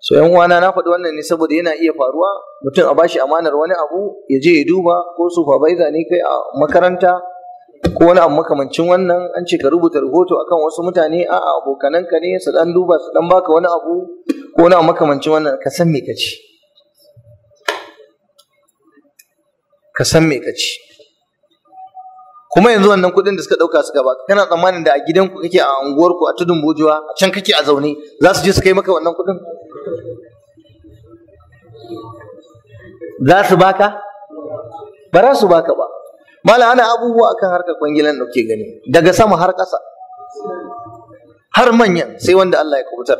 so yan uwana na faɗi wannan ne saboda yana iya faruwa mutum a bashi amanar wani abu ya je ya duba ko su supervisor ne kai a makaranta ko wani abu makamancin wannan an ce ka rubuta rahoto akan wasu mutane a abokananka ne su dan duba su dan baka wani abu ko wani abu makamancin wannan ka san me ka ci ka san me ka ci kuma yanzu wannan kuɗin da suka ɗauka su gaba kana tsammanin da a gidanku kake a unguwarku a tudun bojuwa a can kake a zaune za su je su kai maka wannan kuɗin za su baka ba za su baka ba mala ana abubuwa akan harkar kwangilan da kuke gani daga sama har ƙasa har manyan sai wanda Allah ya kubutar